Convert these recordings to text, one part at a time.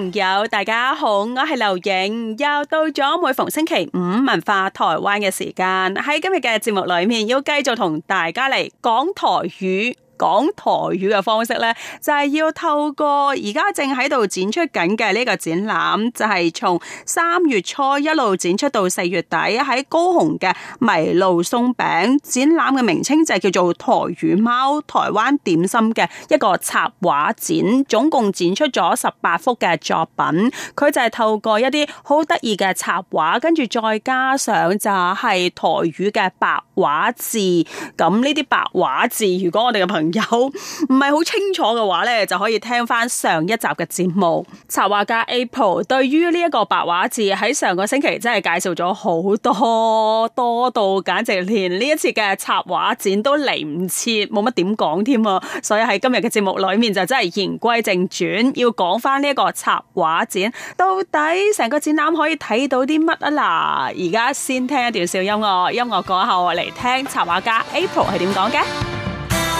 朋友，大家好，我係劉穎，又到咗每逢星期五文化台灣嘅時間，喺今日嘅節目裏面，要繼續同大家嚟講台語。講台語嘅方式呢，就係要透過而家正喺度展出緊嘅呢個展覽，就係從三月初一路展出到四月底，喺高雄嘅迷路鬆餅，展覽嘅名稱就叫做台語貓台灣點心嘅一個插畫展，總共展出咗十八幅嘅作品。佢就係透過一啲好得意嘅插畫，跟住再加上就係台語嘅白話字。咁呢啲白話字，如果我哋嘅朋友……有唔係好清楚嘅話呢，就可以聽翻上一集嘅節目。插畫家 April 對於呢一個白話字喺上個星期真係介紹咗好多，多到簡直連呢一次嘅插畫展都嚟唔切，冇乜點講添啊！所以喺今日嘅節目裏面就真係言歸正傳，要講翻呢一個插畫展到底成個展覽可以睇到啲乜啊！嗱，而家先聽一段小音樂，音樂過後嚟聽插畫家 April 係點講嘅。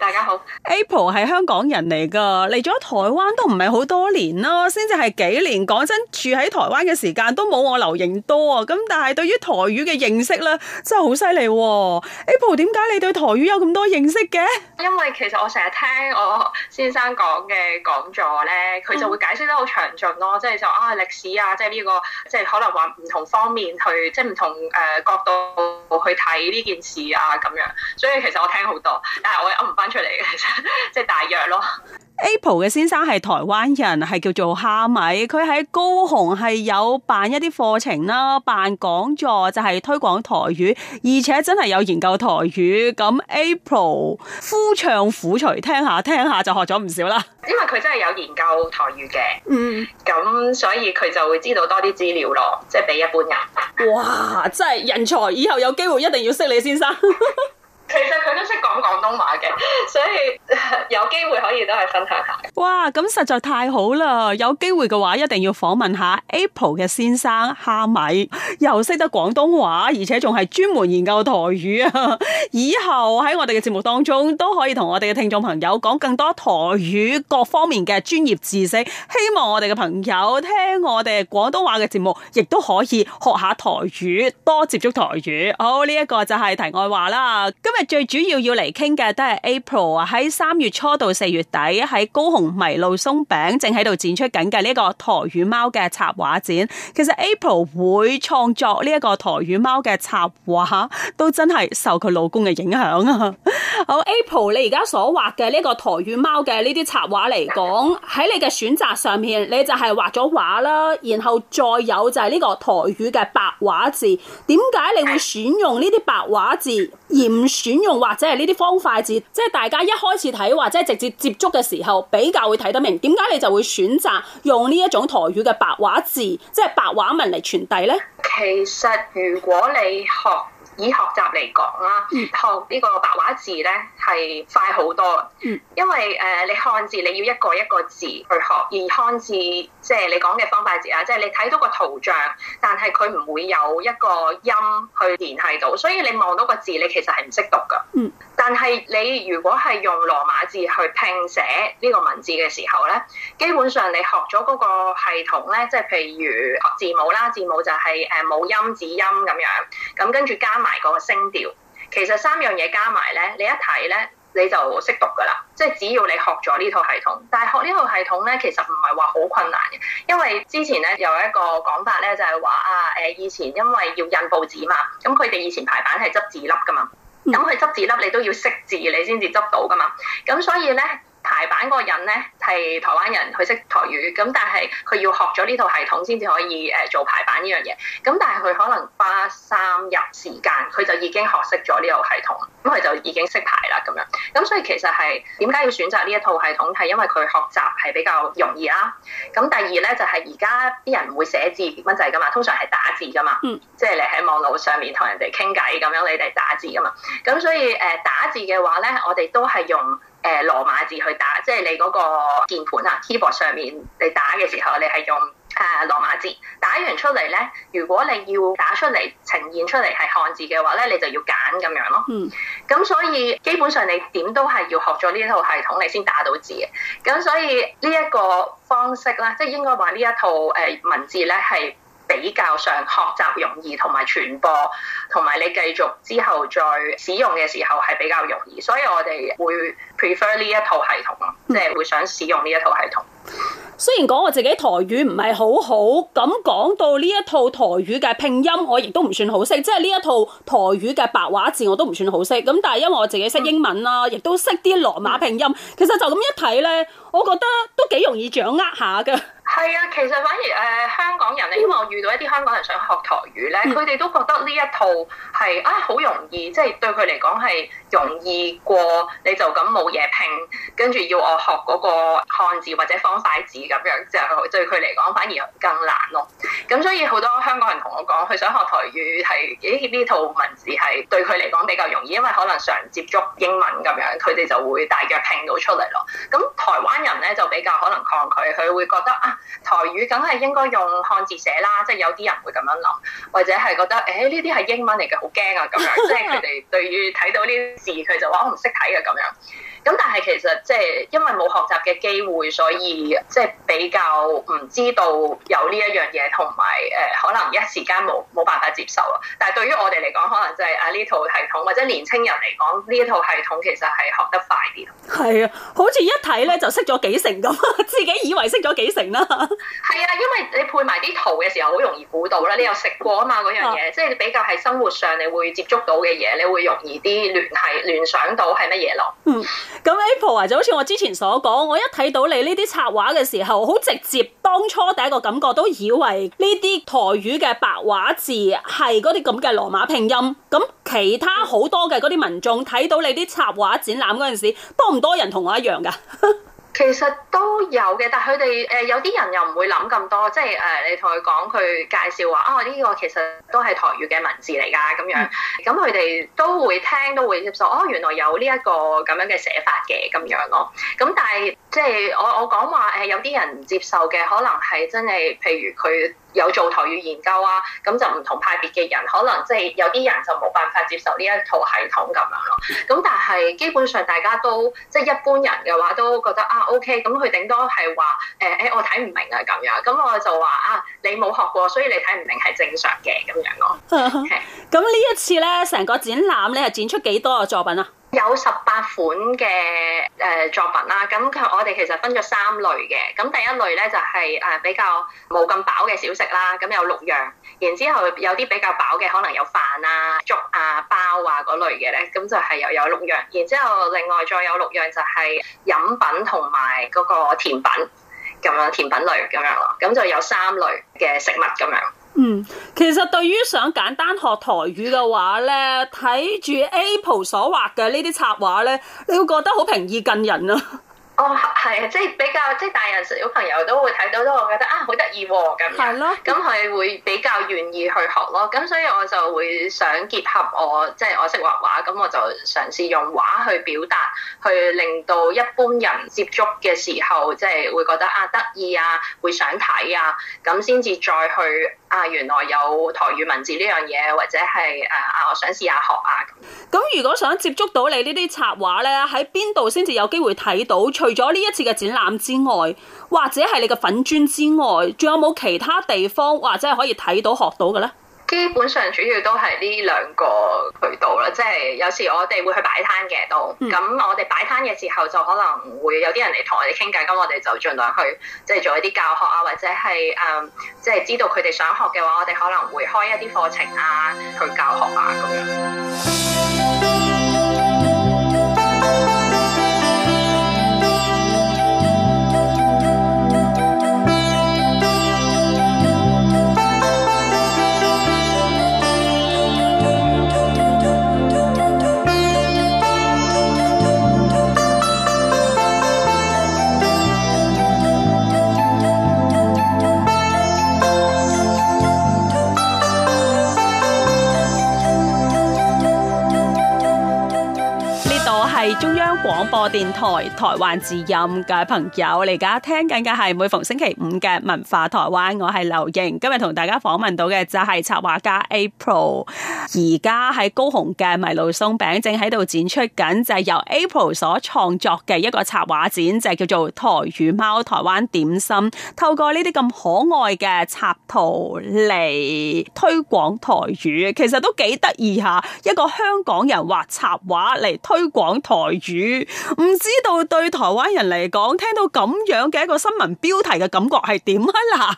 大家好，Apple 係香港人嚟噶，嚟咗台灣都唔係好多年啦，先至係幾年。講真，住喺台灣嘅時間都冇我留形多啊。咁但係對於台語嘅認識咧，真係好犀利。Apple 點解你對台語有咁多認識嘅？因為其實我成日聽我先生講嘅講座咧，佢就會解釋得好詳盡咯。即係就啊歷史啊，即係呢個，即係可能話唔同方面去，即係唔同誒角度去睇呢件事啊咁樣。所以其實我聽好多，但係我翻出嚟嘅，即係 大約咯。April 嘅先生係台灣人，係叫做蝦米，佢喺高雄係有辦一啲課程啦，辦講座就係、是、推廣台語，而且真係有研究台語。咁 April 夫唱婦隨，聽下聽下就學咗唔少啦。因為佢真係有研究台語嘅，嗯，咁所以佢就會知道多啲資料咯，即、就、係、是、比一般人。哇，真係人才！以後有機會一定要識你先生。 其實佢都識講廣東話嘅，所以有機會可以都係分享下。哇，咁實在太好啦！有機會嘅話，一定要訪問下 Apple 嘅先生蝦米，又識得廣東話，而且仲係專門研究台語啊！ 以後喺我哋嘅節目當中，都可以同我哋嘅聽眾朋友講更多台語各方面嘅專業知識。希望我哋嘅朋友聽我哋廣東話嘅節目，亦都可以學下台語，多接觸台語。好，呢一個就係題外話啦。因為最主要要嚟傾嘅都係 April 啊，喺三月初到四月底喺高雄迷路鬆餅正喺度展出緊嘅呢一個台語貓嘅插畫展。其實 April 會創作呢一個台語貓嘅插畫，都真係受佢老公嘅影響啊。 好，April，你而家所畫嘅呢個台語貓嘅呢啲插畫嚟講，喺你嘅選擇上面，你就係畫咗畫啦，然後再有就係呢個台語嘅白話字。點解你會選用呢啲白話字？而唔選用或者係呢啲方塊字，即係大家一開始睇或者係直接接觸嘅時候，比較會睇得明。點解你就會選擇用呢一種台語嘅白話字，即係白話文嚟傳遞咧？其實如果你學。以學習嚟講啦，學呢個白話字咧係快好多，因為誒、呃、你漢字你要一個一個字去學，而漢字即係、就是、你講嘅方塊字啊，即、就、係、是、你睇到個圖像，但係佢唔會有一個音去聯繫到，所以你望到個字你其實係唔識讀㗎。嗯，但係你如果係用羅馬字去拼寫呢個文字嘅時候咧，基本上你學咗嗰個系統咧，即、就、係、是、譬如學字母啦，字母就係誒母音子音咁樣，咁跟住加。埋個聲調，其實三樣嘢加埋咧，你一睇咧你就識讀噶啦。即係只要你學咗呢套系統，但係學呢套系統咧，其實唔係話好困難嘅，因為之前咧有一個講法咧就係話啊，誒以前因為要印報紙嘛，咁佢哋以前排版係執字粒噶嘛，咁佢執字粒你都要識字，你先至執到噶嘛，咁所以咧。排版嗰個人咧係台灣人，佢識台語，咁但係佢要學咗呢套系統先至可以誒做排版呢樣嘢。咁但係佢可能花三日時間，佢就已經學識咗呢套系統，咁佢就已經識排啦咁樣。咁所以其實係點解要選擇呢一套系統？係因為佢學習係比較容易啦、啊。咁、嗯、第二咧就係而家啲人唔會寫字，點樣就係噶嘛？通常係打字噶嘛，嗯、即係你喺網路上面同人哋傾偈咁樣，你哋打字噶嘛。咁、嗯、所以誒打字嘅話咧，我哋都係用。誒、呃、羅馬字去打，即係你嗰個鍵盤啊，keyboard 上面你打嘅時候你，你係用誒羅馬字打完出嚟咧。如果你要打出嚟呈現出嚟係漢字嘅話咧，你就要揀咁樣咯。嗯，咁所以基本上你點都係要學咗呢一套系統，你先打到字嘅。咁所以呢一個方式啦，即係應該話呢一套誒文字咧係。比較上學習容易，同埋傳播，同埋你繼續之後再使用嘅時候係比較容易，所以我哋會 prefer 呢一套系統咯，即係會想使用呢一套系統，就是雖然講我自己台語唔係好好，咁講到呢一套台語嘅拼音，我亦都唔算好識，即係呢一套台語嘅白話字我都唔算好識。咁但係因為我自己識英文啦、啊，亦、嗯、都識啲羅馬拼音，嗯、其實就咁一睇呢，我覺得都幾容易掌握下㗎。係啊，其實反而誒、呃，香港人呢，因為我遇到一啲香港人想學台語呢，佢哋、嗯、都覺得呢一套係啊好容易，即、就、係、是、對佢嚟講係容易過，你就咁冇嘢拼，跟住要我學嗰個漢字或者方。筷子咁樣，就對佢嚟講反而更難咯。咁所以好多香港人同我講，佢想學台語係，誒呢套文字係對佢嚟講比較容易，因為可能常接觸英文咁樣，佢哋就會大約拼到出嚟咯。咁台灣人咧就比較可能抗拒，佢會覺得啊，台語梗係應該用漢字寫啦，即係有啲人會咁樣諗，或者係覺得誒呢啲係英文嚟嘅，好驚啊咁樣。即係佢哋對於睇到呢啲字，佢就話我唔識睇啊咁樣。咁但係其實即係因為冇學習嘅機會，所以即係比較唔知道有呢一樣嘢，同埋誒可能一時間冇冇辦法接受啊。但係對於我哋嚟講，可能就係啊呢套系統，或者年青人嚟講呢套系統其實係學得快啲。係啊，好似一睇咧就識咗幾成咁，自己以為識咗幾成啦，啊。係啊，因為你配埋啲圖嘅時候，好容易估到啦。你有食過嘛啊嘛嗰樣嘢，即係比較係生活上你會接觸到嘅嘢，你會容易啲聯繫聯想到係乜嘢咯。嗯。咁 Apple 啊，ple, 就好似我之前所講，我一睇到你呢啲插畫嘅時候，好直接。當初第一個感覺都以為呢啲台語嘅白話字係嗰啲咁嘅羅馬拼音。咁其他好多嘅嗰啲民眾睇到你啲插畫展覽嗰陣時，多唔多人同我一樣㗎？ 其實都有嘅，但係佢哋誒有啲人又唔會諗咁多，即係誒你同佢講佢介紹話，哦呢個其實都係台語嘅文字嚟㗎，咁樣咁佢哋都會聽都會接受，哦原來有呢一個咁樣嘅寫法嘅咁樣咯。咁但係即係我我講話誒，有啲人唔接受嘅可能係真係，譬如佢。有做台語研究啊，咁就唔同派別嘅人可能即係有啲人就冇辦法接受呢一套系統咁樣咯。咁但係基本上大家都即係、就是、一般人嘅話都覺得啊 OK，咁佢頂多係話誒誒我睇唔明啊咁樣，咁我就話啊你冇學過，所以你睇唔明係正常嘅咁樣咯。係，咁呢 一次咧成個展覽你係展出幾多個作品啊？有十八款嘅誒作品啦，咁佢我哋其實分咗三類嘅，咁第一類咧就係誒比較冇咁飽嘅小食啦，咁有六樣，然之後有啲比較飽嘅，可能有飯啊、粥啊、包啊嗰類嘅咧，咁就係又有六樣，然之後另外再有六樣就係飲品同埋嗰個甜品咁樣，甜品類咁樣咯，咁就有三類嘅食物咁樣。嗯，其實對於想簡單學台語嘅話咧，睇住 Apple 所畫嘅呢啲插畫咧，你會覺得好平易近人咯。哦，係啊，即係比較即係大人小朋友都會睇到都，我覺得啊好得意咁樣，係咯，咁佢會比較願意去學咯。咁所以我就會想結合我即係我識畫畫，咁我就嘗試用畫去表達，去令到一般人接觸嘅時候，即係會覺得啊得意啊，會想睇啊，咁先至再去。啊，原來有台語文字呢樣嘢，或者係誒啊，我想試下學啊。咁如果想接觸到你策劃呢啲插畫咧，喺邊度先至有機會睇到？除咗呢一次嘅展覽之外，或者係你嘅粉專之外，仲有冇其他地方或者係可以睇到、學到嘅咧？基本上主要都係呢兩個渠道啦，即係有時我哋會去擺攤嘅都，咁、嗯、我哋擺攤嘅時候就可能會有啲人嚟同我哋傾偈，咁我哋就儘量去即係做一啲教學啊，或者係誒、嗯、即係知道佢哋想學嘅話，我哋可能會開一啲課程啊去教學啊咁樣。播電台台灣之音嘅朋友，你而家聽緊嘅係每逢星期五嘅文化台灣，我係劉盈，今日同大家訪問到嘅就係插畫家 April，而家喺高雄嘅迷路鬆餅正喺度展出緊，就係由 April 所創作嘅一個插畫展，就係叫做台語貓台灣點心，透過呢啲咁可愛嘅插圖嚟推廣台語，其實都幾得意吓，一個香港人畫插畫嚟推廣台語。唔知道對台灣人嚟講，聽到咁樣嘅一個新聞標題嘅感覺係點啊？嗱，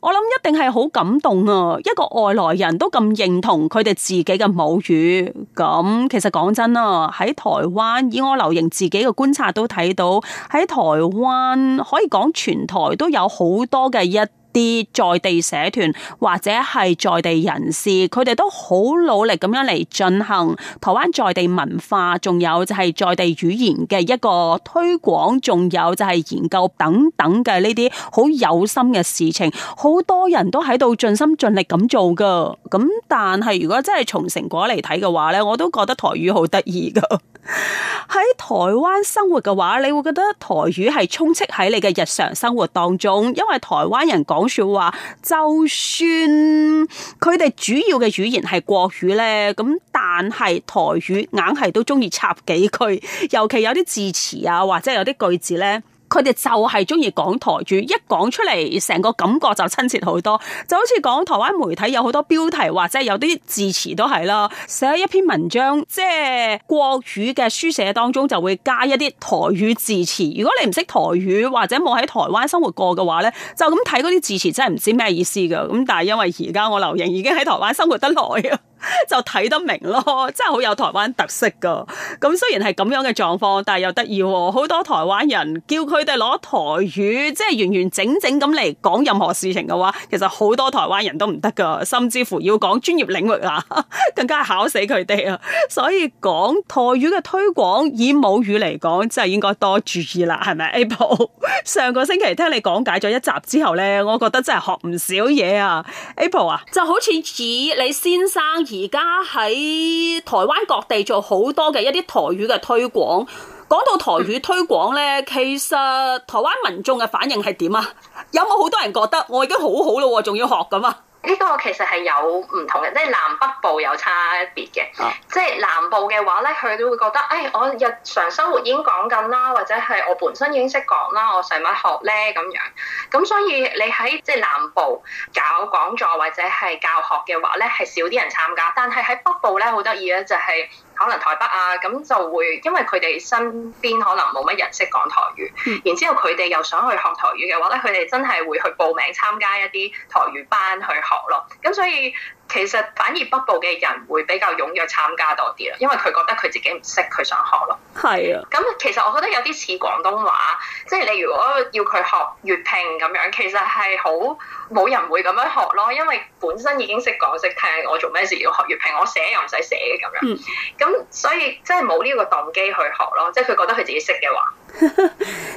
我諗一定係好感動啊！一個外來人都咁認同佢哋自己嘅母語，咁其實講真啦，喺台灣以我留營自己嘅觀察都睇到，喺台灣可以講全台都有好多嘅一，啲在地社團或者係在地人士，佢哋都好努力咁樣嚟進行台灣在地文化，仲有就係在地語言嘅一個推廣，仲有就係研究等等嘅呢啲好有心嘅事情，好多人都喺度盡心盡力咁做噶。咁但係如果真係從成果嚟睇嘅話咧，我都覺得台語好得意噶。喺 台灣生活嘅話，你會覺得台語係充斥喺你嘅日常生活當中，因為台灣人講。話就算佢哋主要嘅語言係國語咧，咁但係台語硬係都中意插幾句，尤其有啲字詞啊，或者有啲句子咧。佢哋就係中意講台語，一講出嚟成個感覺就親切好多，就好似講台灣媒體有好多標題或者有啲字詞都係啦，寫一篇文章即係國語嘅書寫當中就會加一啲台語字詞。如果你唔識台語或者冇喺台灣生活過嘅話呢，就咁睇嗰啲字詞真係唔知咩意思㗎。咁但係因為而家我留言已經喺台灣生活得耐啊。就睇得明咯，真係好有台灣特色噶。咁雖然係咁樣嘅狀況，但係又得意喎。好多台灣人叫佢哋攞台語，即係完完整整咁嚟講任何事情嘅話，其實好多台灣人都唔得噶。甚至乎要講專業領域啊，更加考死佢哋啊。所以講台語嘅推廣，以母語嚟講，真係應該多注意啦。係咪？Apple，上個星期聽你講解咗一集之後呢，我覺得真係學唔少嘢啊。Apple 啊，就好似指你先生。而家喺台灣各地做好多嘅一啲台語嘅推廣，講到台語推廣呢，其實台灣民眾嘅反應係點啊？有冇好多人覺得我已經好好咯喎，仲要學咁啊？呢個其實係有唔同嘅，即係南北部有差別嘅。啊、即係南部嘅話咧，佢都會覺得，誒、哎，我日常生活已經講緊啦，或者係我本身已經識講啦，我使乜學咧咁樣。咁所以你喺即係南部搞講座或者係教學嘅話咧，係少啲人參加。但係喺北部咧，好得意咧，就係、是。可能台北啊，咁就會因為佢哋身邊可能冇乜人識講台語，嗯、然之後佢哋又想去學台語嘅話咧，佢哋真係會去報名參加一啲台語班去學咯，咁所以。其實反而北部嘅人會比較踴躍參加多啲啦，因為佢覺得佢自己唔識，佢想學咯。係啊的，咁其實我覺得有啲似廣東話，即係你如果要佢學粵拼咁樣，其實係好冇人會咁樣學咯，因為本身已經識講識聽，我做咩事要學粵拼？我寫又唔使寫咁樣，咁、嗯、所以即係冇呢個動機去學咯。即係佢覺得佢自己識嘅話。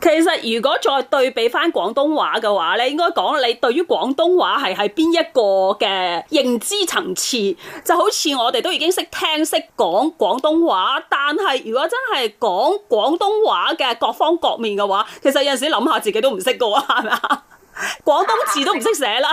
其實如果再對比翻廣東話嘅話咧，你應該講，你對於廣東話係係邊一個嘅認知層次，就好似我哋都已經識聽識講廣東話，但係如果真係講廣東話嘅各方各面嘅話，其實有陣時諗下自己都唔識嘅話，係咪啊？廣東字都唔識寫啦，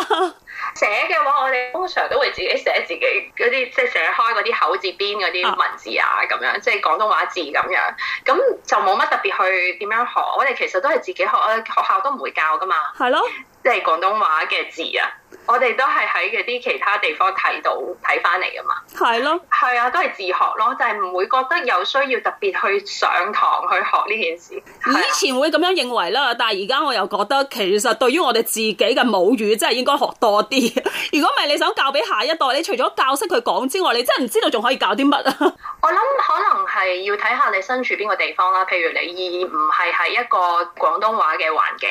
寫、啊、嘅 話我哋通常都會自己寫自己嗰啲即係寫開嗰啲口字邊嗰啲文字啊，咁樣即係廣東話字咁樣咁。嗯就冇乜特別去點樣學，我哋其實都係自己學，學校都唔會教噶嘛。係咯。即係廣東話嘅字啊！我哋都係喺嗰啲其他地方睇到睇翻嚟噶嘛，係咯，係啊，都係自學咯，就係、是、唔會覺得有需要特別去上堂去學呢件事。以前會咁樣認為啦，但係而家我又覺得其實對於我哋自己嘅母語真係應該學多啲。 如果唔係你想教俾下一代，你除咗教識佢講之外，你真係唔知道仲可以教啲乜啊！我諗可能係要睇下你身處邊個地方啦、啊。譬如你而唔係喺一個廣東話嘅環境。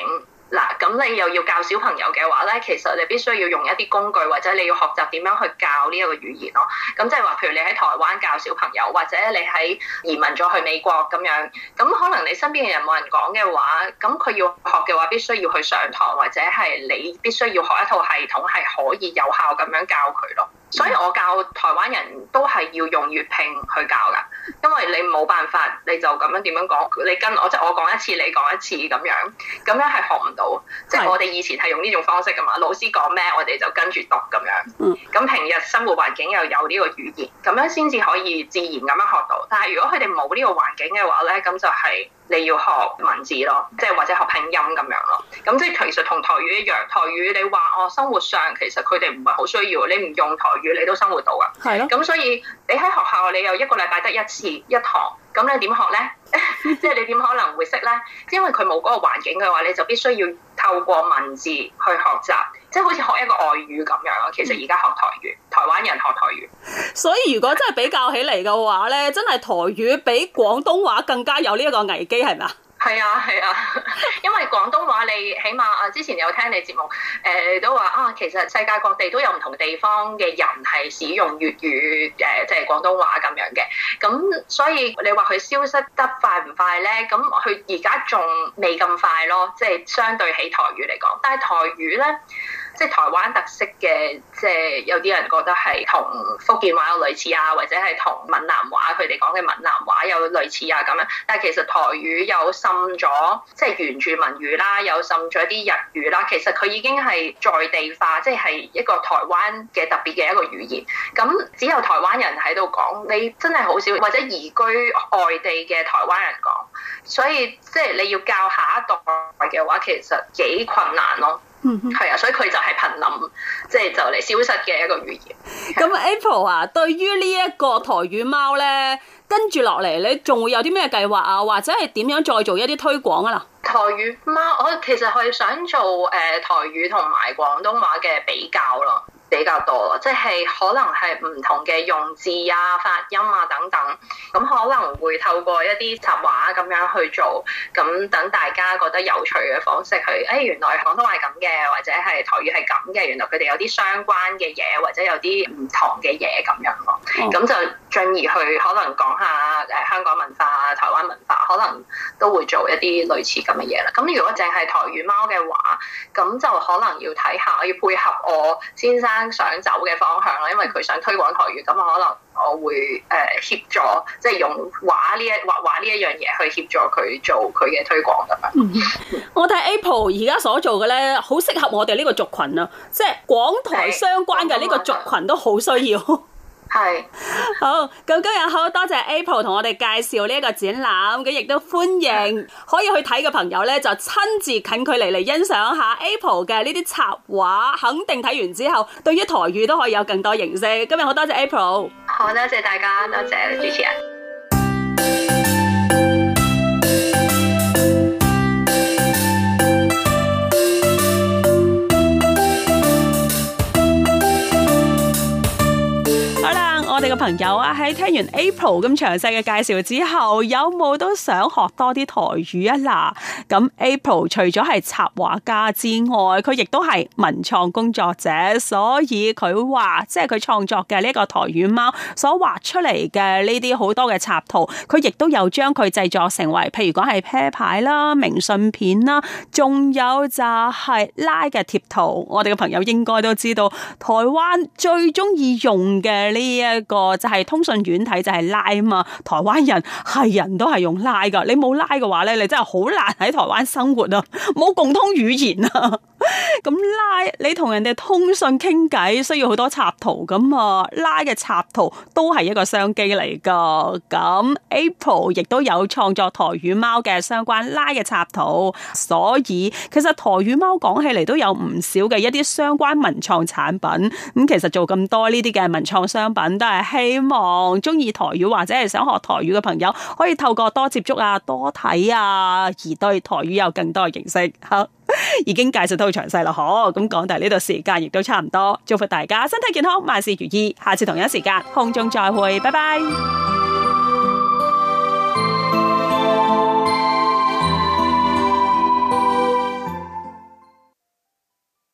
嗱，咁你又要教小朋友嘅話呢，其實你必須要用一啲工具，或者你要學習點樣去教呢一個語言咯。咁即係話，譬如你喺台灣教小朋友，或者你喺移民咗去美國咁樣，咁可能你身邊嘅人冇人講嘅話，咁佢要學嘅話，必須要去上堂，或者係你必須要學一套系統，係可以有效咁樣教佢咯。所以我教台灣人都係要用粵拼去教㗎，因為你冇辦法，你就咁樣點樣講，你跟我即係我講一次，你講一次咁樣，咁樣係學唔到。即係我哋以前係用呢種方式㗎嘛，老師講咩，我哋就跟住讀咁樣。嗯。咁平日生活環境又有呢個語言，咁樣先至可以自然咁樣學到。但係如果佢哋冇呢個環境嘅話咧，咁就係。你要學文字咯，即係或者學拼音咁樣咯。咁即係其實同台語一樣，台語你話我、哦、生活上其實佢哋唔係好需要，你唔用台語你都生活到啊。係咯的。咁、嗯、所以你喺學校你又一個禮拜得一次一堂，咁你點學咧？即 係你點可能會識咧？因為佢冇嗰個環境嘅話，你就必須要透過文字去學習。即係好似學一個外語咁樣咯，其實而家學台語，台灣人學台語。所以如果真係比較起嚟嘅話咧， 真係台語比廣東話更加有呢一個危機，係咪啊？係啊係啊， 因為廣東話你起碼啊，之前有聽你節目，誒都話啊，其實世界各地都有唔同地方嘅人係使用粵語，誒即係廣東話咁樣嘅。咁所以你話佢消失得快唔快咧？咁佢而家仲未咁快咯，即係相對起台語嚟講。但係台語咧。即係台灣特色嘅，即係有啲人覺得係同福建話有類似啊，或者係同閩南話佢哋講嘅閩南話有類似啊咁樣。但係其實台語有滲咗，即係原住民語啦，有滲咗啲日語啦。其實佢已經係在地化，即係一個台灣嘅特別嘅一個語言。咁只有台灣人喺度講，你真係好少或者移居外地嘅台灣人講。所以即係你要教下一代嘅話，其實幾困難咯。嗯，係 啊,所以佢就係瀕臨,即係就嚟消失嘅一個語言。咁 Apple 啊，a, 對於呢一個台語貓咧,跟住落嚟,你仲會有啲咩計劃啊？或者係點樣再做一啲推廣啊？啦,台語貓，我其實係想做誒台語同埋廣東話嘅比較咯。比較多，即係可能係唔同嘅用字啊、發音啊等等，咁、嗯、可能會透過一啲俗話咁樣去做，咁等大家覺得有趣嘅方式去，誒、哎、原來廣東話係咁嘅，或者係台語係咁嘅，原來佢哋有啲相關嘅嘢，或者有啲唔同嘅嘢咁樣咯，咁、嗯哦、就。進而去可能講下誒香港文化、台灣文化，可能都會做一啲類似咁嘅嘢啦。咁如果淨係台語貓嘅話，咁就可能要睇下，要配合我先生想走嘅方向啦。因為佢想推廣台語，咁可能我會誒協助，即係用畫呢一畫畫呢一樣嘢去協助佢做佢嘅推廣咁樣、嗯。我睇 Apple 而家所做嘅咧，好適合我哋呢個族群啊！即係廣台相關嘅呢個族群都好需要。係是好，咁今日好多謝 Apple 同我哋介紹呢一個展覽，咁亦都歡迎可以去睇嘅朋友咧，就親自近距離嚟欣賞下 Apple 嘅呢啲插畫，肯定睇完之後對於台語都可以有更多認識。今日好多謝 Apple，好多謝大家，多謝主持人。個朋友啊，喺聽完 April 咁詳細嘅介紹之後，有冇都想學多啲台語啊？嗱，咁 April 除咗係插畫家之外，佢亦都係文創工作者，所以佢話即係佢創作嘅呢個台語貓所畫出嚟嘅呢啲好多嘅插圖，佢亦都有將佢製作成為，譬如講係啤牌啦、明信片啦，仲有就係 Line 嘅貼圖。我哋嘅朋友應該都知道，台灣最中意用嘅呢一個。就係通訊軟體就係拉啊嘛！台灣人係人都係用拉噶，你冇拉嘅話咧，你真係好難喺台灣生活啊！冇共通語言啊！咁 拉你同人哋通訊傾偈需要好多插圖咁啊，拉嘅插圖都係一個商機嚟噶。咁 Apple 亦都有創作台語貓嘅相關拉嘅插圖，所以其實台語貓講起嚟都有唔少嘅一啲相關文創產品。咁其實做咁多呢啲嘅文創商品都係。希望中意台語或者係想學台語嘅朋友，可以透過多接觸啊、多睇啊，而對台語有更多嘅認識。吓， 已經介紹到好詳細啦，好，咁講到呢度，時間亦都差唔多，祝福大家身體健康、萬事如意，下次同一時間，空中再會，拜拜。